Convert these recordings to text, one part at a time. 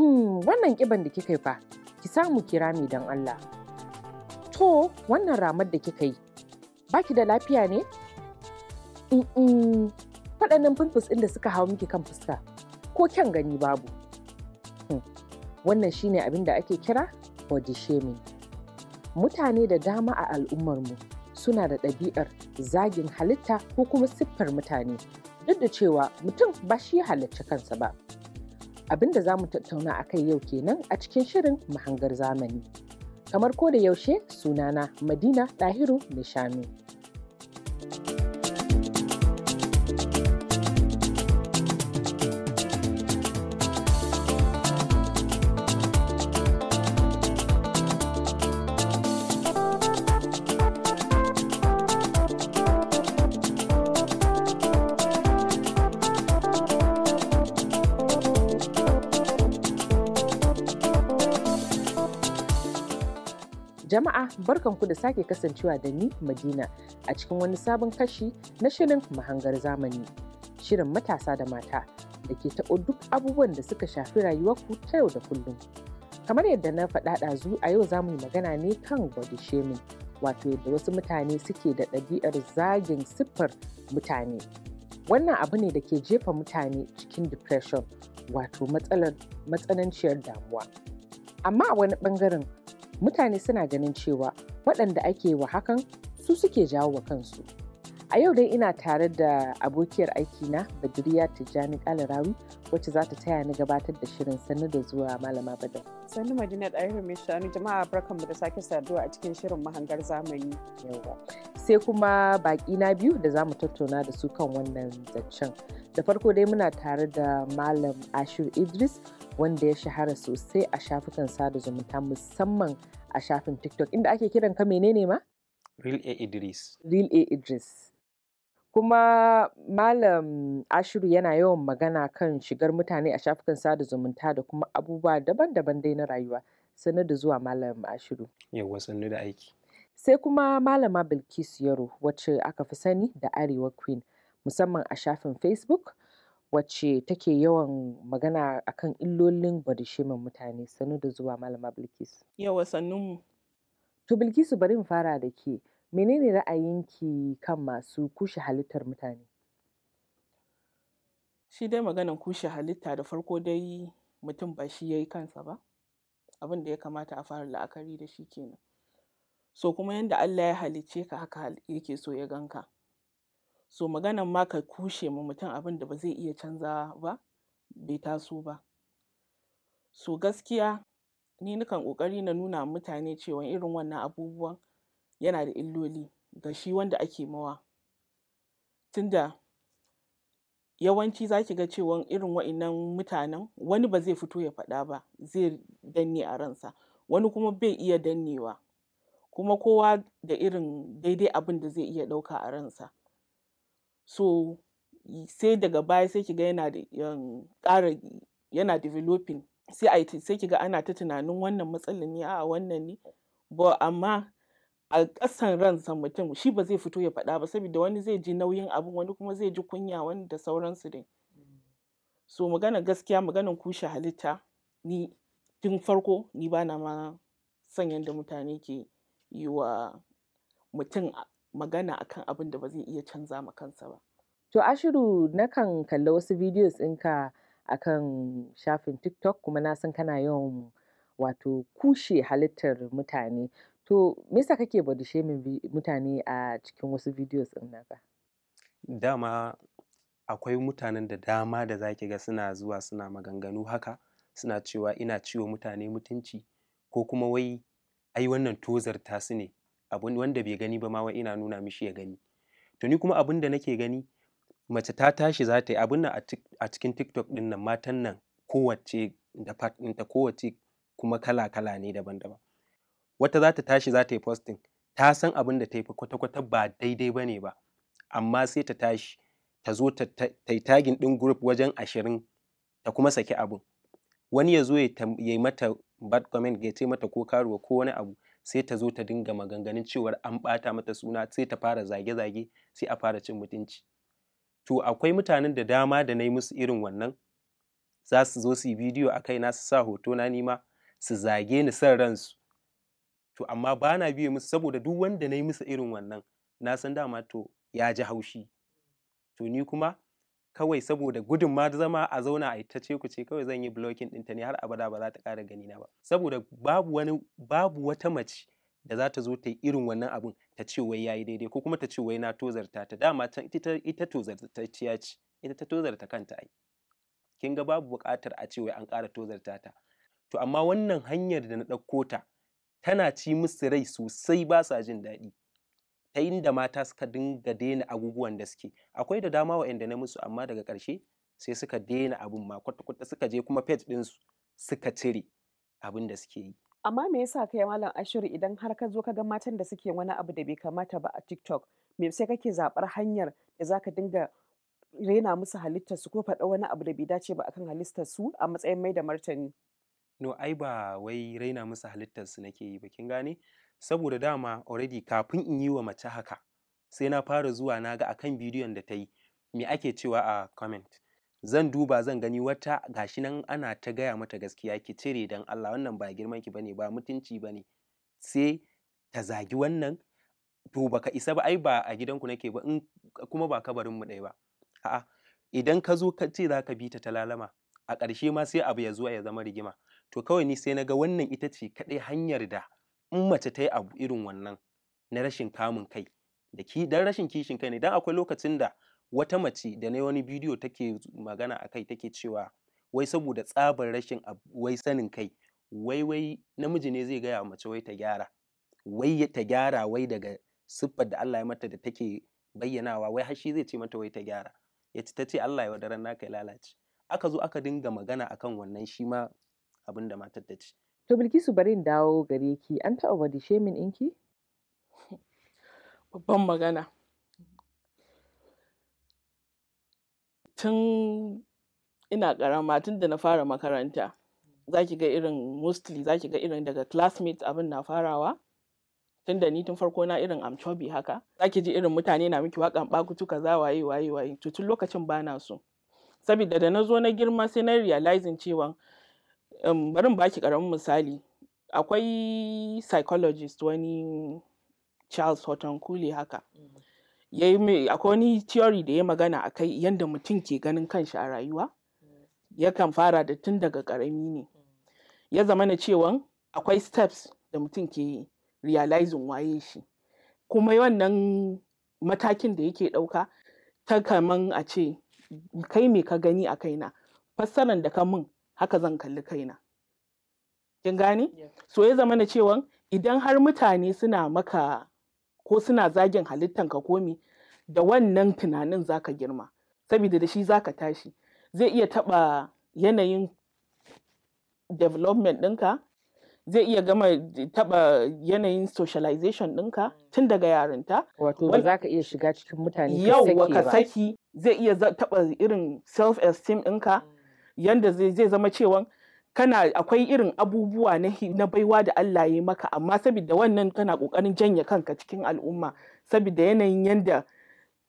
Hmm, wannan ƙiban da kika yi fa ki samu kira mai don Allah to wannan ramar da kika yi baki da lafiya ne faɗannan fimfis ɗin da suka hau miki kan fuska ko kyan gani babu hmm, wannan shine abin da ake kira body shaming mutane da dama a al'ummarmu suna da ɗabi'ar zagin halitta ko kuma siffar mutane duk da cewa mutum ba shi halarci kansa ba Abin da za mu tattauna a kai yau kenan a cikin shirin mahangar zamani. Kamar ko da yaushe sunana Madina Ɗahiru nishanu Shanu. Jama'a barkanku da sake kasancewa da ni Madina a cikin wani sabon kashi na shirin mahangar zamani. Shirin matasa da mata da ke taɓo duk abubuwan da suka shafi rayuwarku ta yau da kullum. Kamar yadda na faɗa ɗazu a yau za mu yi magana ne kan body shaming wato yadda wasu mutane suke da ɗabi'ar zagin siffar mutane. Wannan abu ne da ke jefa mutane cikin depression wato matsalar matsananciyar damuwa. Amma a wani ɓangaren mutane suna ganin cewa waɗanda ake wa hakan su suke jawo wa kansu A yau dai ina tare da abokiyar aikina Badriya Tijjani Kalarawi wacce za ta taya ni gabatar da shirin sannu da zuwa Malama Badar. Sannu Madina Ɗahiru mai shanu jama'a mu da sake saduwa a cikin shirin mahangar zamani. Sai kuma baƙi na biyu da za mu tattauna da su kan wannan zaccen. Da farko dai muna tare da Malam Ashir Idris wanda ya shahara sosai a shafukan sada zumunta musamman a shafin TikTok inda ake kiran ka menene ma? Real A Idris. Real A Idris. Kuma Malam Ashiru yana yawan magana kan shigar mutane a shafukan sada zumunta da kuma abubuwa daban-daban dai na rayuwa. Sannu da zuwa Malam Ashiru. yawa sannu da aiki. Sai kuma Malama bilkis Yaro wacce aka fi sani da Arewa Queen musamman a shafin Facebook wacce take yawan magana kan illolin badishemin mutane. Sannu da zuwa Malama Bilkisu. sannu mu To Bilkisu bari in fara da ke. Menene ki kan masu kushe halittar mutane? Shi dai maganan kushe halitta da farko dai mutum ba shi ya yi kansa ba, abin da ya kamata a fara la'akari da shi kenan So kuma yadda Allah ya halicce ka haka yake so ya ganka? So maganan ma ka kushe ma mutum abin da ba zai iya canza ba, bai taso ba. So gaskiya ni nakan ƙoƙari na nuna wa mutane cewa irin wannan abubuwan yana da illoli ga shi wanda ake mawa tunda yawanci za ki ga cewa irin wa'inan mutanen wani ba zai fito ya faɗa ba zai danne a ransa wani kuma bai iya dannewa kuma kowa da irin daidai abin da zai iya ɗauka a ransa so sai daga baya sai ki ga yana da um, ƙara yana developing sai ki ga ana ta tunanin wannan matsalin ne a wannan ne ba amma a ƙasan ransa mutum shi ba zai fito ya faɗa ba saboda wani zai ji nauyin abin wani kuma zai ji kunya wani da sauransu dai so magana gaskiya maganan kushe halitta ni tun farko ni ba na ma son yadda mutane ke yi wa mutum magana akan abin da ba zai iya canza ma kansa ba to a ashiru kan kalla wasu videos ɗinka akan shafin tiktok kuma na san kana yawan wato kushe halittar mutane To me yasa kake body shaming mutane a cikin wasu videos din naka? Dama akwai mutanen da dama da zaki ga suna zuwa suna maganganu haka suna cewa ina ciwo mutane mutunci ko kuma wai ai wannan tozar su ne abun wanda bai gani ba ma wai ina nuna mishi ya gani. To ni kuma abun da nake gani mace ta tashi za ta yi abun nan a cikin TikTok din nan matan nan kowace da part ɗinta kowace kuma kala-kala ne daban-daban. wata za ta tashi za ta yi posting ta san abin da ta yi kwata-kwata ba daidai ba ne ba amma sai ta tashi ta zo ta yi tagin ɗin group wajen ashirin ta kuma saki abin wani ya zo ya yi mata bad comment ya ce mata ko karuwa ko wani abu sai ta zo ta dinga maganganun cewar an ɓata mata suna sai ta fara zage-zage sai a fara cin mutunci to akwai mutanen da dama da na yi musu irin wannan za su zo su yi bidiyo a kai na su sa hoto na nima su zage ni san ransu to amma ba na biye musu saboda duk wanda na yi musu irin wannan na san dama to ya ji haushi to ni kuma kawai saboda gudun ma zama a zauna a ita ce kuce kawai zan yi blocking ɗinta ne har abada ba za ta ƙara gani na ba saboda babu wani babu wata mace da za ta zo ta yi irin wannan abun ta ce wai yayi daidai ko kuma ta ce wai na tozarta ta dama can ita ita tozartacciya ce ita ta tozarta kanta ai kin ga babu buƙatar a ce wai an ƙara tozarta ta to amma wannan hanyar da na ɗauko ta tana ci musu rai sosai ba sa jin daɗi ta inda mata suka dinga daina abubuwan da suke akwai da dama wa'anda na musu amma daga ƙarshe sai suka daina abun ma kwata-kwata suka je kuma page ɗinsu suka cire abin da suke yi amma me yasa kai malam ashiru idan har ka zo ka ga matan da suke wani abu da bai kamata ba a tiktok me sai kake zabar hanyar da zaka dinga rena musu halittar su ko faɗa wani abu da bai dace ba akan su a matsayin mai da martani No, ai ba wai raina musu su nake yi ba kin gane? Saboda dama already kafin in yi wa mace haka sai na fara zuwa na ga akan bidiyon da ta yi me ake cewa a comment. Zan duba zan gani wata gashi nan ana ta gaya mata gaskiya ki cire dan Allah wannan ba girman ki bane ba mutunci bane Sai ta zagi wannan to baka isa ba ai ba a gidanku nake ba in kuma ba kabarin mu ɗaya ba. A'a idan ka zo ka ce zaka bi ta ta lalama a ƙarshe ma sai abu ya zuwa ya zama rigima to kawai ni sai na ga wannan ita ce kaɗai hanyar da in mace ta yi abu irin wannan na rashin kamun kai da ki dan rashin kishin kai ne dan akwai lokacin da wata mace da na wani bidiyo take magana a kai take cewa wai saboda tsabar rashin wai sanin kai wai wai namiji ne zai gaya mace wai ta gyara wai ta gyara wai daga siffar da Allah ya mata da take bayyanawa wai har shi zai ce mata wai ta gyara yace tace Allah ya wadaran naka ya lalace aka zo aka dinga magana akan wannan shi ma abin da matar ta ci. To Bilkisu bari in dawo gare ki an taɓa body shaming ɗinki? Babban magana. Tun ina ƙarama tun da na fara makaranta za ki ga irin mostly za ki ga irin daga classmates abin na farawa. tun da ni tun farko na irin amchobi haka za ki ji irin mutane na miki wakan bakutu za waye waye waye tun lokacin bana so saboda da na zo na girma sai na realizing cewa barin ba baki karamin misali akwai psychologist wani charles horton kule haka mm. akwai wani theory da ya magana a kai yadda mutum ke ganin kanshi a rayuwa mm. yakan fara da tun daga karami ne mm. ya zama na cewan akwai steps da mutum ke realizing waye shi kuma wannan matakin da yake ɗauka ta kaman a ce kai me ka gani a kaina fassaran da ka mun haka zan kalli kaina kin gane so ya zama na cewa idan har mutane suna maka ko suna zagin halittanka komi da wannan tunanin zaka girma saboda da shi zaka tashi zai iya taɓa yanayin development ɗinka zai iya gama taɓa yanayin socialization ɗinka mm. tun daga yarinta. Wato ba za ka iya shiga cikin mutane ka saki ba. Yau ka saki zai iya taɓa irin self-esteem ɗinka. Mm. yanda zai zama cewa kana akwai irin abubuwa na baiwa da Allah ya maka amma saboda wannan kana kokarin janye kanka cikin al'umma saboda yanayin yanda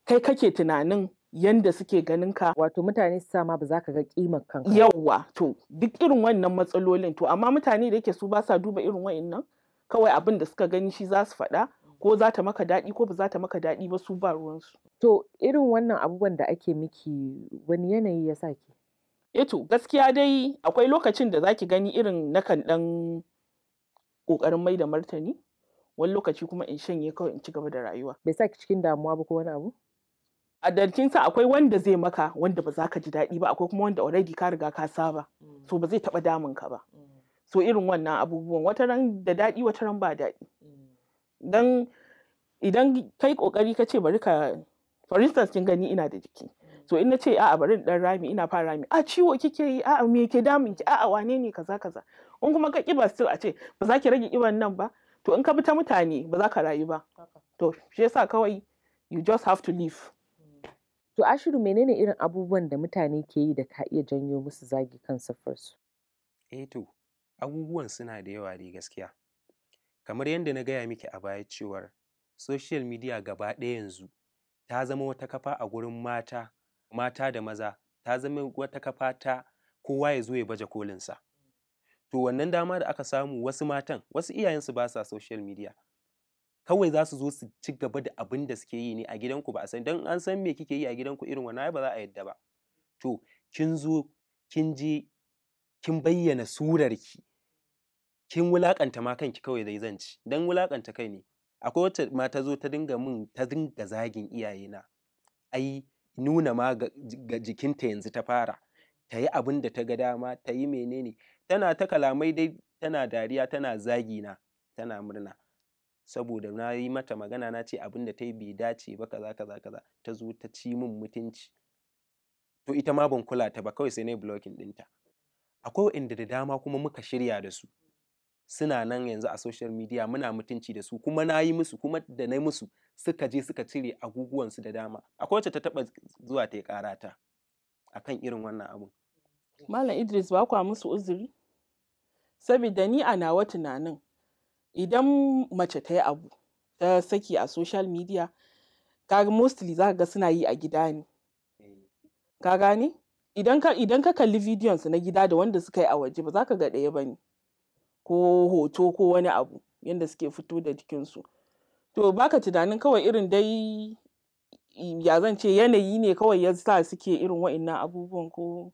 kai kake tunanin yanda suke ganin ka wato mutane su sama ba za ka ga kimar kanka yawa to duk irin wannan matsalolin to amma mutane da yake su ba sa duba irin wa'annan kawai abin da suka gani shi za su faɗa ko za ta maka daɗi ko ba za ta maka daɗi ba su ba ruwansu to irin wannan abubuwan da ake miki wani yanayi ya sa ki eto eh to gaskiya dai akwai lokacin da zaki gani irin nakan dan ƙoƙarin mai da martani wani lokaci kuma in shanye kawai in ci gaba da rayuwa bai sa ki cikin damuwa ba ko wani abu a dalcin sa akwai wanda zai maka wanda ba za ka ji daɗi ba akwai kuma wanda already ka riga ka saba mm. so ba zai taba damun ka ba mm. so irin wannan abubuwan wata ran da daɗi wata ran ba daɗi mm. dan idan kai kokari ka ce bari ka for instance kin gani ina da jiki so in ce, a'a bari dan rami ina fara rami a ciwo kike yi a'a me ke damun ki a'a wane ne kaza kaza in kuma ka kiba still a ce ba za ki rage kiban nan ba to in ka bi ta mutane ba za ka rayu ba to shi yasa kawai you just have to live mm. to ashiru menene irin abubuwan da mutane ke yi da ka iya janyo musu zagi kan siffarsu eh to abubuwan suna da yawa dai gaskiya kamar yadda na gaya miki a baya cewar social media gaba ɗaya yanzu ta zama wata kafa a gurin mata mata da maza ta zama wata kafa ta kowa ya zo ya baje kolinsa to wannan dama da aka samu wasu matan wasu iyayensu ba sa social media kawai za su zo su ci gaba da abin da suke yi ne a gidanku ba a san don an san me kike yi a gidanku irin wannan ba za a yadda ba to kin zo kin je kin bayyana surarki kin wulakanta ma kanki kawai zai zan ci dan wulakanta kai ne akwai wata mata zo ta dinga min ta dinga zagin iyayena ai nuna ma ga jikinta yanzu ta fara ta yi abin da ta ga dama ta yi menene tana ta kalamai dai tana dariya tana zagi na tana murna saboda na yi mata magana na ce abin da ta yi bai dace ba kaza kaza kaza ta zo ta ci min mutunci to ita ma ban kula ta ba kawai sai na yi blocking ɗinta akwai waɗanda da dama kuma muka shirya da su suna nan yanzu a social media muna mutunci da su kuma na yi musu kuma da na musu suka je suka cire su da dama akwai wacce ta taba zuwa ta yi karata akan irin wannan abu. malam idris ba kwa musu uzuri saboda ni a nawa tunanin idan mace ta yi abu ta saki a social media kaga mostly za ga suna yi a gida ne eh. ka gane idan ka kalli bidiyon su na gida da wanda suka yi a waje ba za ka ga ɗaya ba ne ko hoto ko wani abu yadda suke fito da jikinsu to baka tunanin kawai irin dai ya zan ce yanayi ne kawai ya sa suke irin wa'innan abubuwan ko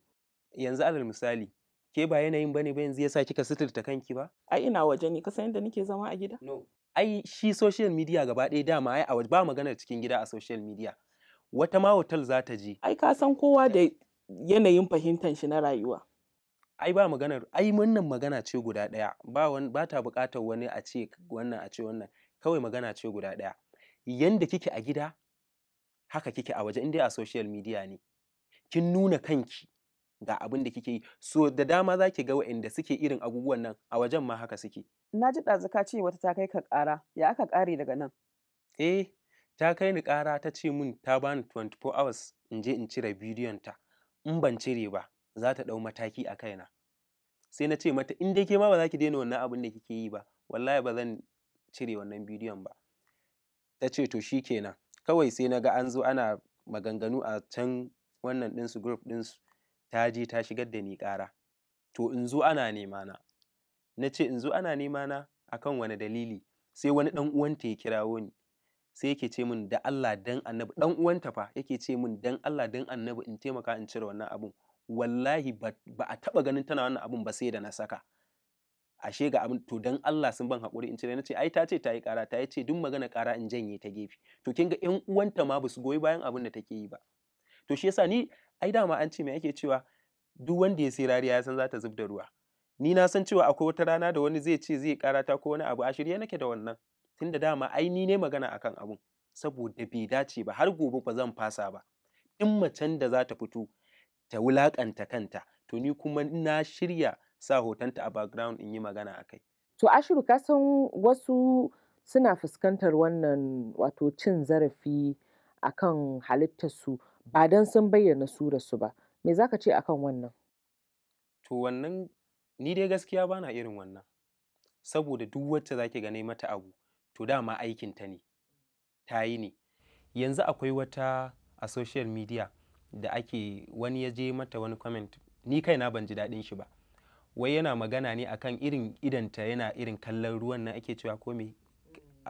yanzu alal misali ke ba yanayin bane ba yanzu yasa kika suturta kanki ba ai ina waje ne kasan yadda nake zama a gida no ai shi social media gaba ɗaya dama ai a ba maganar cikin gida a social media wata ma hotel za ta je ai ka san kowa da yanayin fahimtar shi na rayuwa ai ba maganar ai wannan magana ce guda ɗaya ba wan, ba ta buƙatar wani a ce wannan a ce wannan kawai magana ce guda ɗaya yanda kike a gida haka kike a waje in dai a social media ne kin nuna kanki ga abin da kike yi so da dama za ki ga waɗanda suke irin abubuwan nan a wajen ma haka suke na ji ɗazuka ce wata ta kai ka ƙara ya aka ƙare daga nan eh ta kai ni ƙara ta ce min ta bani 24 hours in je in cire bidiyon ta in ban cire ba za ta ɗau mataki a kaina sai na ce mata in dai ke ma ba za ki daina wannan abin da kike yi ba wallahi ba zan cire wannan bidiyon ba ta ce to shi kenan kawai sai na ga an zo ana maganganu a can wannan ɗinsu group ɗinsu ta je ta shigar da ni ƙara to in zo ana nema na na ce in zo ana nema na akan wani dalili sai wani ɗan uwanta ya kirawo ni sai yake ce min da Allah dan annabi ɗan uwanta fa yake ce min dan Allah dan annabi in taimaka in cire wannan abun wallahi ba a taba ganin tana wannan abun ba sai da na saka ashe ga abin to dan Allah sun ban hakuri in ce na ce ai ta ce ta yi kara ta ce duk magana kara in janye ta gefe to kin ga 'yan uwanta ma ba su goyi bayan abin da take yi ba to shi yasa ni ai dama an ce me ake cewa duk wanda ya sai rariya ya san za ta zub da ruwa ni na san cewa akwai wata rana da wani zai ce zai ƙara ta ko wani abu a shirye nake da wannan da dama ai ni ne magana akan abun saboda bai dace ba har gobe ba zan fasa ba in macen da za ta fito ta wulaƙanta kanta to ni kuma na shirya sa hotonta a background in yi magana a kai. To Ashiru ka san wasu suna fuskantar wannan wato cin zarafi akan halittarsu ba don sun bayyana su ba. Me za ka ce akan wannan? To wannan ni dai gaskiya bana irin wannan. Saboda duk wacce zaki ki gane mata abu to dama aikinta ne, ta yi ne. Yanzu akwai wata a social media da ake wani ya je mata wani comment ni kaina ban ji daɗin shi ba wai yana magana ne akan irin idanta yana irin kallon ruwan nan ake cewa ko me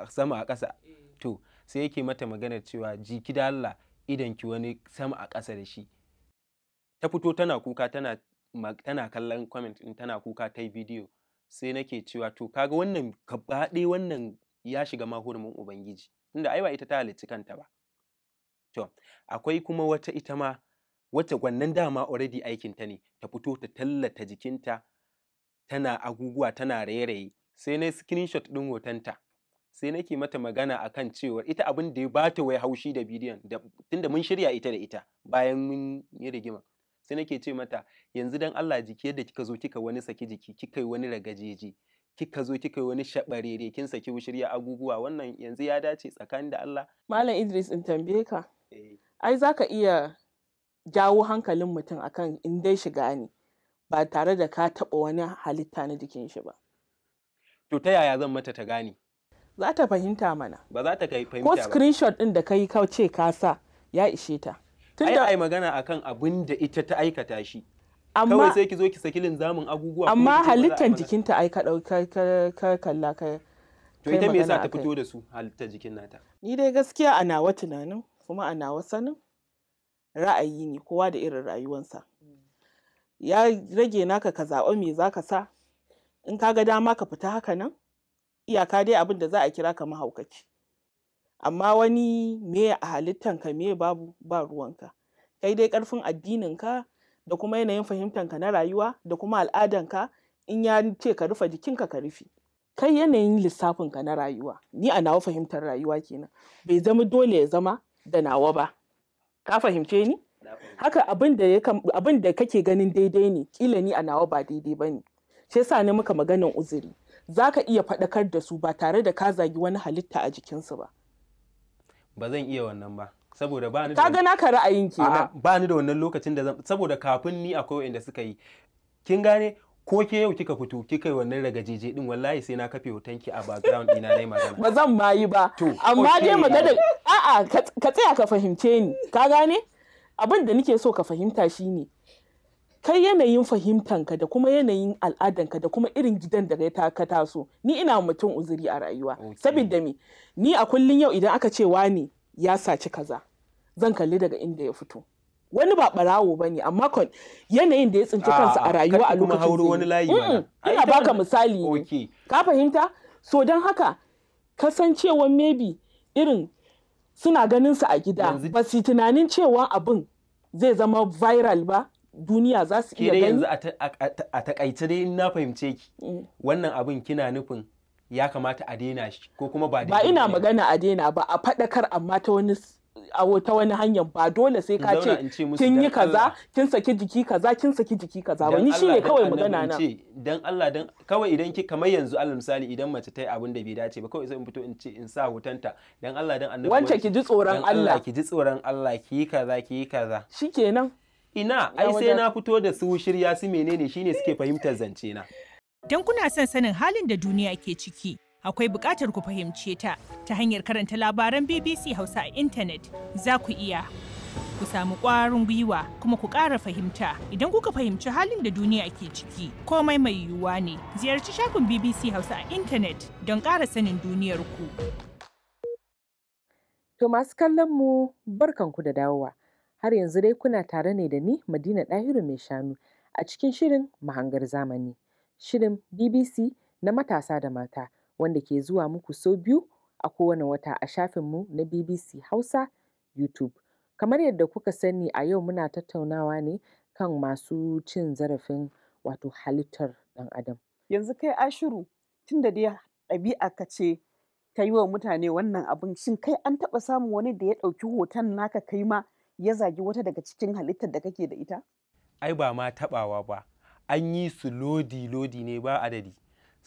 sama a ƙasa to sai yake mata maganar cewa jiki da Allah idanki wani sama a ƙasa da shi ta fito tana kuka tana tana kallon comment din tana kuka ta yi bidiyo sai nake cewa to kaga wannan kabaɗe wannan ya shiga mahurumin ubangiji tunda ai ba ita ta halicci kanta ba To, akwai kuma wata ita ma wacce wannan dama already aikinta ne ta fito ta tallata jikinta tana aguguwa tana raye-raye sai na screenshot ɗin hotonta sai nake mata magana akan cewa ita abin da ya bata wai haushi da bidiyon tunda mun shirya ita da ita bayan mun yi rigima sai nake ce mata yanzu dan Allah jiki yadda kika zo kika wani saki jiki kika yi wani ragajeji kika zo kika yi wani shabarere kin saki shirya aguguwa wannan yanzu ya dace tsakanin da Allah malam Idris in tambaye ka Eh. ai za ka iya jawo hankalin mutum akan in dai shiga ne ba tare da ka taɓa wani halitta na jikin shi ba. To ta yaya zan mata ta gane? Za ta fahimta mana. Ba za ta kai fahimta ba. Ko screenshot ɗin da ka yi ce ka sa ya ishe ta. Ai da ai magana akan abin da ita ta aikata shi. Amma kawai sai ki zo ki saki linzamin abubuwa. Amma halittan jikinta ai ka ka kalla ka. To ita me yasa ta fito da su halittan jikin nata? Ni dai gaskiya a nawa tunanin. kuma a nawa sanin ra'ayi ne kowa da irin rayuwansa mm. ya rage naka ka zaɓa me za ka sa in ka ga dama ka fita haka nan iyaka dai abin da za a kira ka mahaukaci amma wani me a halittanka me babu ba ruwanka kai dai ƙarfin addininka da kuma yanayin fahimtanka na rayuwa da kuma al'adanka in ya ce ka rufe jikinka ka rufe kai yanayin lissafinka na rayuwa ni a nawa fahimtar rayuwa kenan bai zama dole ya zama da nawa ba ka fahimce ni haka abin da kake ganin daidai ne kila ni a nawa ba daidai ba ne shi yasa ni muka maganan uzuri za ka iya faɗakar da su ba tare da ka zagi wani halitta a jikinsu ba ba zan iya wannan ba saboda ba ni da gana ka ra'ayin kenan ba ni da wannan lokacin da zan saboda kafin ni akwai wanda suka yi kin gane ko ke yau kika fito kika yi wannan ragajeje din wallahi sai na kafe ki a background ina nayi magana ba zan ma ba amma dai magana a ka tsaya ka fahimce ni ka gane abin da nake so ka fahimta shine kai yanayin fahimtanka da kuma yanayin al'adanka da kuma irin gidan da ka taso ni ina mutum uzuri a rayuwa saboda me ni a kullun yau idan aka ce wani ya saci kaza zan kalli daga inda ya fito wani ba barawo ba ne amma yanayin da ya tsinci kansa a rayuwa a lokacin mm, ina baka misali ne ka fahimta so don haka kasancewan maybe irin suna ganin su a gida ba su tunanin cewa abin zai zama viral ba duniya za su iya gani yanzu a takaice dai na fahimce ki mm. wannan abin kina nufin ya kamata a daina shi ko kuma ba ba ina magana a daina ba a faɗakar amma ta wani a ta wani hanyar ba dole sai ka ce kin yi kaza kin saki jiki kaza kin saki jiki kaza ba ni shine kawai magana na dan Allah dan kawai idan ki kamar yanzu alal misali idan mace ta yi abin da bai dace ba kawai sai in fito in ce in sa hotonta dan Allah dan annabi wance ki ji tsoron Allah ki ji tsoron Allah ki yi kaza ki yi kaza shikenan ina ai sai na fito da su shirya su menene shine suke fahimtar zance na dan kuna son sanin halin da duniya ke ciki akwai buƙatar ku fahimce ta ta hanyar karanta labaran BBC Hausa a intanet za ku iya. Ku samu ƙwarin gwiwa kuma ku ƙara fahimta idan kuka fahimci halin da duniya ke ciki komai mai yiwuwa ne ziyarci shagon BBC Hausa a intanet don ƙara sanin duniyar ku. To masu kallon mu barkanku da dawowa. Har yanzu dai kuna tare ne da ni Madina Ɗahiru mai shanu a cikin shirin mahangar zamani. Shirin BBC na matasa da mata wanda ke zuwa muku sau biyu a kowane wata a shafinmu na BBC Hausa YouTube. Kamar yadda kuka sani a yau muna tattaunawa ne kan masu cin zarafin wato halittar ɗan adam. Yanzu kai ashiru tun da dai ɗabi'a ka ce ta yi wa mutane wannan abin shin kai an taɓa samun wani da ya ɗauki hoton naka kai ma ya zagi wata daga cikin halittar da kake da ita? Ai ba ma taɓawa ba, an yi su lodi-lodi ne ba adadi.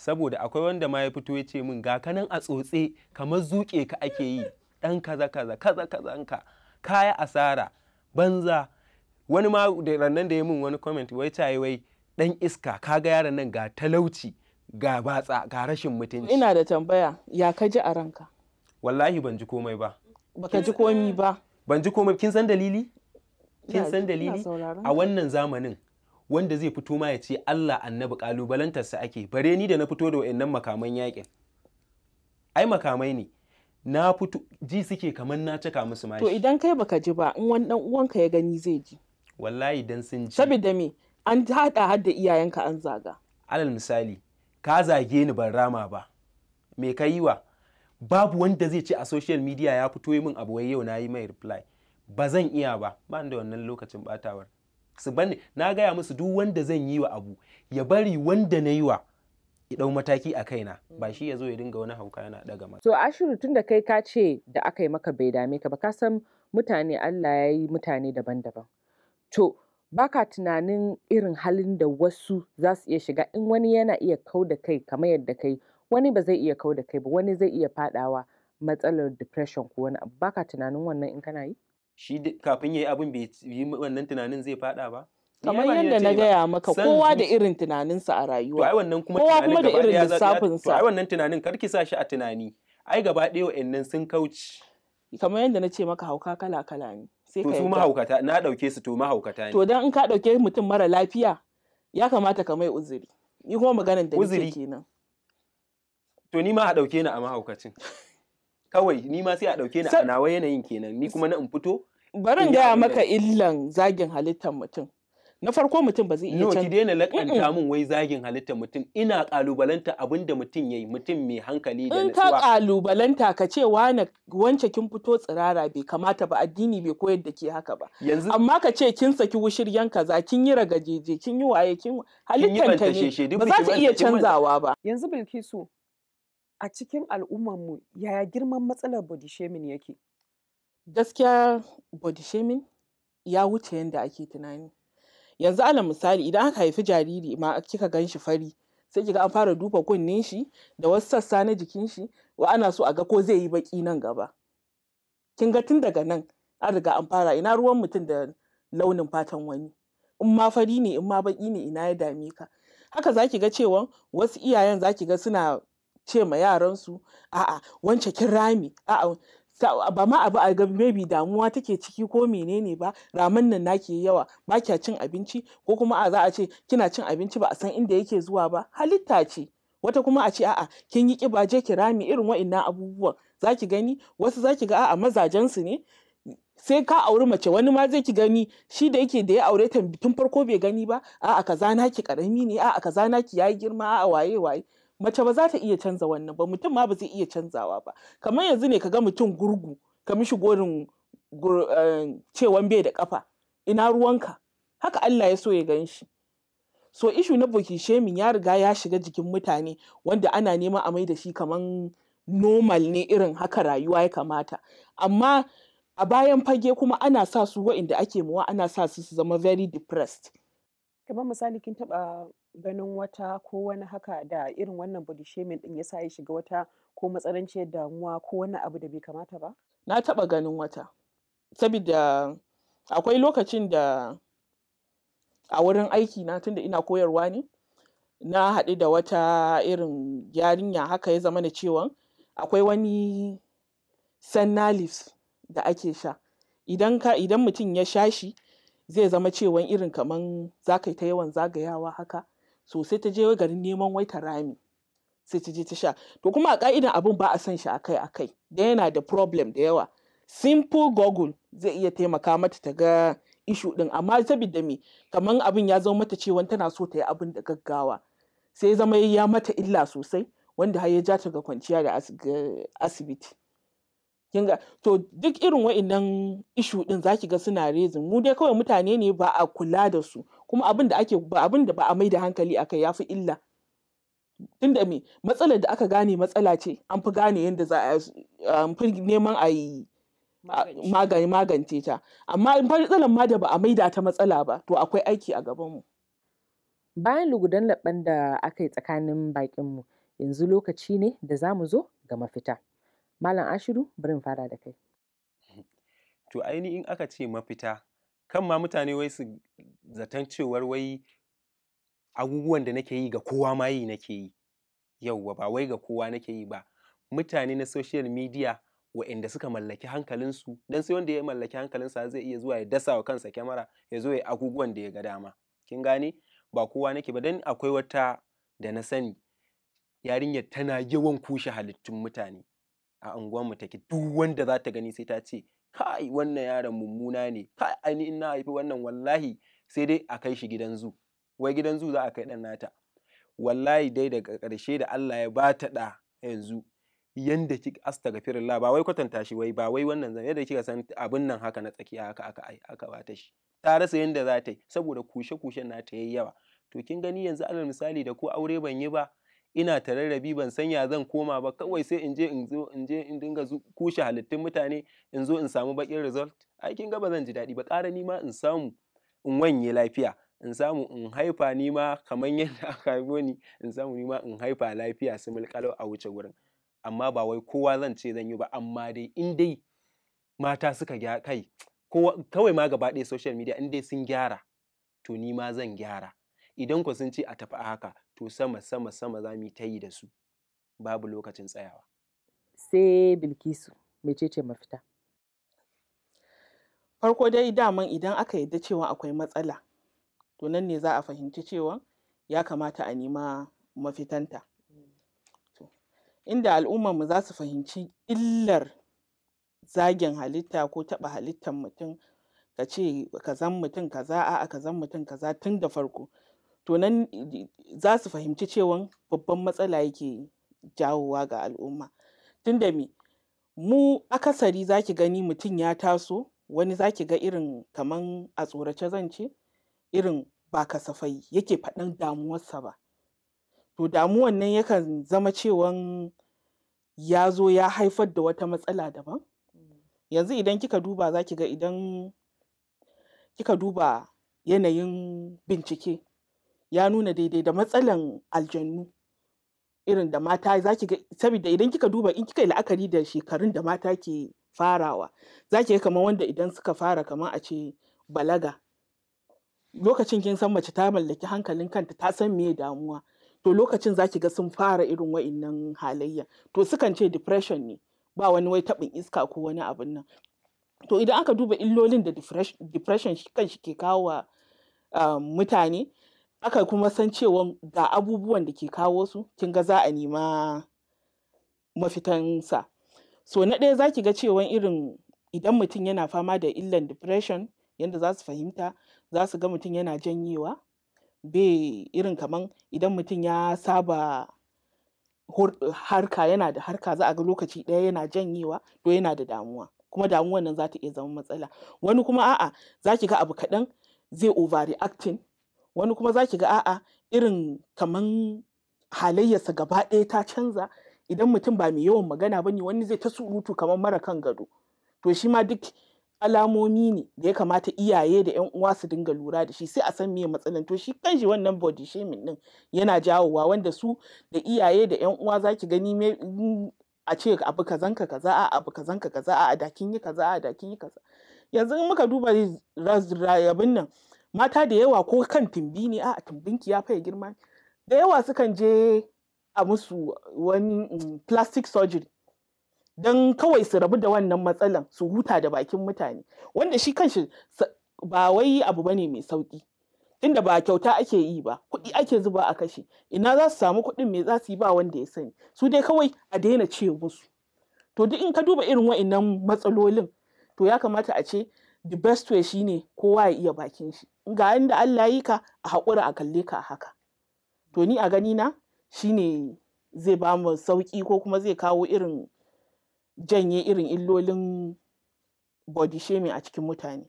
saboda akwai wanda ma ya fito ya ce min ga kanan a tsotse kamar zuke ka ake yi dan kaza kaza kaza kaza ka kaya asara banza wani ma da rannan da ya min wani comment wai tayi wai dan iska kaga yaran nan ga talauci ga batsa ga rashin mutunci ina da tambaya ya ka ji a ranka wallahi ban ji komai ba baka ji komi ba ban ji komai kin san dalili kin san dalili a wannan zamanin wanda zai fito ma ya ce Allah annabi kalubalantarsa ake bare ni da na fito da wayannan makaman yakin ai makamai ne na fito ji suke kamar na caka musu mashi to idan kai baka ji ba in wani dan uwanka ya gani zai ji wallahi dan sun ji saboda me an hada da iyayenka an zaga alal misali ka zage ni ban rama ba me ka yi wa babu wanda zai ce a social media ya fito min abu wai yau na yi mai reply ba zan iya ba ba da wannan lokacin batawar su bani na gaya musu duk wanda zan yi wa abu ya bari wanda na yi wa ya ɗau mataki a kaina ba shi ya zo ya dinga wani hauka yana ɗaga ma. To ashiru tun da kai ka ce da aka yi maka bai dame ka ba ka san mutane Allah ya yi mutane daban-daban. To baka tunanin irin halin da wasu za su iya shiga in wani yana iya kau da kai kamar yadda kai wani ba zai iya kau da kai ba wani zai iya faɗawa matsalar depression ko wani abu baka tunanin wannan in kana yi? shi kafin ya yi abin bai yi wannan tunanin zai fada ba kamar yadda na gaya maka kowa da irin tunaninsa a rayuwa kowa kuma da irin lissafinsa ai wannan tunanin karki sa shi a tunani ai gaba ɗaya wa'annan sun kauce kamar yadda na ce maka hauka kala kala ne sai su mahaukata na dauke su to mahaukata ne to dan in ka dauke mutum mara lafiya ya kamata ka mai uzuri ni kuma maganar da nake kenan to ni ma a dauke ni a mahaukacin kawai ni ma sai a dauke ni a nawa yanayin kenan ni kuma na in fito barin gaya maka illan zagin halittar mutum na farko mutum ba zai iya can ki daina lakanta min wai zagin halittar mutum ina kalubalanta abin da mutum yayi mutum mai hankali da in ka kalubalanta ka ce wani wance kin fito tsirara bai kamata ba addini bai koyar da ke haka ba yanzu amma ka ce kin saki wushiryan kaza kin yi ragajeje kin yi waye kin halittar ta ne ba za ta iya canzawa ba yanzu bilkisu a cikin al'ummar mu yaya girman matsalar body shaming yake Gaskiya body shaming ya wuce yadda ake tunani. Yanzu ala misali idan aka haifi jariri ma kika gan shi fari sai kiga an fara duba kunnen shi da wasu sassa na jikin shi wa ana so a ga ko zai yi baki nan gaba. Kin ga tun daga nan an riga an fara ina ruwan mutum da launin fatan wani. In ma fari ne in ma baki ne ina ya dame ka. Haka zaki ga cewa wasu iyayen zaki ga suna ce ma yaransu a'a wance kin rami. a'a ba ma abu a ga maybe damuwa take ciki ko menene ba ramin nan nake yawa ba kya cin abinci ko kuma a za a ce kina cin abinci ba a san inda yake zuwa ba halitta ce wata kuma a ce a'a kin yi kiba je ki rami irin wa'annan abubuwan zaki gani wasu zaki ga a'a mazajen su ne sai ka auri mace wani ma zai ki gani shi da yake da ya aure ta tun farko bai gani ba a'a kaza naki karami ne a'a kaza naki yayi girma a'a waye waye mace ba za ta iya canza wannan ba mutum ma ba zai iya canzawa ba kamar yanzu ne ka ga mutum gurgu ka mishi gorin eh, cewan bai da kafa ina ruwanka haka Allah ya so ya gan shi so ishu na shemin ya riga ya shiga jikin mutane wanda ana nema a mai da shi kamar normal ne irin haka rayuwa ya kamata amma a bayan fage kuma ana sa su wa'inda ake muwa ana sa su su zama very depressed Kamar misali kin taɓa ganin wata ko wani haka da irin wannan body shaming ɗin ya sa ya shiga wata ko matsananciyar damuwa ko wani abu da bai kamata ba? Na taba ganin wata. saboda akwai lokacin da a wurin aiki na tunda ina koyarwa ne, na haɗu da wata irin yarinya haka ya zama na cewa akwai wani sannalis da ake sha. idan mutum ya sha shi zai zama cewa irin kaman za ka yi ta yawan zagayawa haka so sai ta je garin neman wai ta rami sai ta je ta sha to kuma a ka'idan abin ba a son shi akai akai da yana da problem da yawa simple google zai iya taimaka mata ta ga ishu din amma saboda me kaman abin ya zama mata cewa tana so ta yi abun da gaggawa sai zama ya mata illa sosai wanda har ya ja ta ga kwanciya da asibiti kin to duk irin wa'annan ishu din zaki ga suna rezin mu dai kawai mutane ne ba a kula da su kuma abin da ake ba abin da ba a mai da hankali akai yafi illa tunda me matsalar da aka gane matsala ce an fi gane yadda za a fi neman a yi magance magance ta amma in matsalar ma da ba a maida ta matsala ba to akwai aiki a gaban mu bayan lugudan laɓen da aka yi tsakanin mu yanzu lokaci ne da za mu zo ga mafita Malam Ashiru bari fara da kai. To ainihin aka ce mafita kan ma mutane wai su zaton cewar wai abubuwan da nake yi ga kowa ma yi nake yi yauwa ba wai ga kowa nake yi ba mutane na social media wa'inda suka mallaki hankalinsu don sai wanda ya mallaki hankalinsa zai iya zuwa ya dasa wa kansa kyamara ya zo ya yi abubuwan da ya ga dama kin gane ba kowa nake ba dan akwai wata da na sani yarinyar tana yawan kushe halittun mutane a unguwar mu take duk wanda za ta gani sai ta ce kai wannan yaron mummuna ne kai ani in na haifi wannan wallahi sai dai a kai shi gidan zu wai gidan zu za a kai dan nata wallahi dai daga karshe da Allah ya ba ta da yanzu yanda ki astaghfirullah ba wai kwatanta shi wai ba wai wannan zan yadda kika san abin nan haka na tsakiya haka aka ai aka bata shi ta rasa yanda za ta yi saboda kushe kushen nata yayi yawa to kin gani yanzu alal misali da ko aure ban yi ba ina ta rarrabi ban san ya zan koma ba kawai sai in je in zo in je in dinga kushe halittun mutane in zo in samu bakin result ai kin ga ba zan ji daɗi ba ƙara ni ma in samu in wanye lafiya in samu in haifa ni ma kamar yadda aka haifo ni in samu ni ma in haifa lafiya su mulkalau a wuce gurin amma ba wai kowa zan ce zan yi ba amma dai in dai mata suka kai kawai ma gaba ɗaya social media in dai sun gyara to ni ma zan gyara idan ku sun ce a tafi haka to sama sama sama za mu ta yi da su babu lokacin tsayawa sai bilkisu mecece mafita farko dai daman idan aka yadda cewa akwai matsala to nan ne za a fahimci cewa ya kamata a nema mafitanta inda al'ummarmu za su fahimci illar zagin halitta ko taɓa halittar mutum ka ce ka zan mutum kaza ka zan mutum kaza tun da farko to nan za su fahimci cewa babban matsala yake jawowa ga al'umma tunda me mu akasari za ki gani mutum ya taso wani za ki ga irin kaman a tsorace zance irin ba kasafai yake faɗan damuwarsa ba to damuwan nan yakan zama cewa ya zo ya haifar da wata matsala daban mm. yanzu idan kika duba za ki ga idan kika duba yanayin bincike ya nuna daidai da matsalan aljannu irin da mata za ki saboda idan kika duba in kika yi la'akari da shekarun da mata ke farawa za ki ga kamar wanda idan suka fara kamar a ce balaga lokacin kin san mace ta mallaki hankalin kanta ta san me damuwa to lokacin za ki ga sun fara irin wa'innan halayya to sukan ce depression ne ba wani wai taɓin iska ko wani abin nan to idan aka duba illolin da depression shi kan shi ke kawo wa ah, mutane aka kuma san cewa ga abubuwan da ke kawo su kin ga za a nema mafitansa so na ɗaya za ki ga cewa irin idan mutum yana fama da illan depression yadda za su fahimta za su ga mutum yana janyewa Be irin kaman idan mutum ya saba harka yana da harka za a ga lokaci ɗaya yana janyewa to yana da damuwa kuma damuwan nan za ta iya zama matsala wani kuma a'a za ki ga abu kaɗan zai overreacting wani kuma za ki ga a'a irin kaman halayyarsa gaba ɗaya ta canza idan mutum ba mai yawan magana ba ne wani zai ta surutu kaman mara kan gado to shi ma duk alamomi ne da ya kamata iyaye da yan uwa su dinga lura da shi sai a san me matsalan to shi kanshi wannan body shaming din yana jawowa wanda su da iyaye da yan uwa zaki gani a ce abu kazan ka kaza a abu kazan ka kaza a dakin yi kaza a dakin yi kaza yanzu in muka duba rabin nan mata da yawa ko kan tumbi ne a tumbinki ya faye girma da yawa sukan je a musu wani mm, plastic surgery don kawai su rabu da wannan matsalan su huta da bakin mutane wanda shi kanshi ba wai abu bane mai sauki Inda ba kyauta ake yi ba kuɗi ake zuba a kashe ina za su samu kuɗin me za su yi ba wanda ya sani su dai kawai a daina ce musu to duk in ka duba irin wa'innan matsalolin to ya kamata a ce the best way shine kowa ya iya bakin shi ga inda Allah yi ka a haƙura a kalle ka a haka to ni a gani na shine zai ba mu sauƙi ko kuma zai kawo irin janye irin illolin body shaming a cikin mutane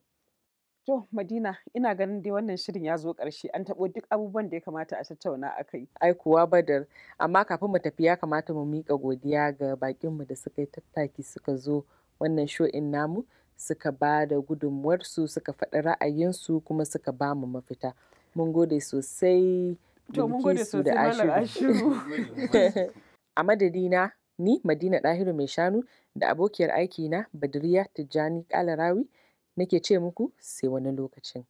To Madina ina ganin dai wannan shirin ya zo ƙarshe an taɓo duk abubuwan da ya kamata a tattauna a kai. Ai kuwa badar amma kafin mu tafi ya kamata mu miƙa godiya ga mu da suka yi tattaki suka zo wannan sho'in namu suka ba da gudunmuwarsu suka faɗi ra'ayinsu kuma suka ba mu mafita mun gode sosai su da ashiru a madadina ni madina ɗahiru mai shanu da abokiyar aiki na badriya tijjani kalarawi nake ce muku sai wani lokacin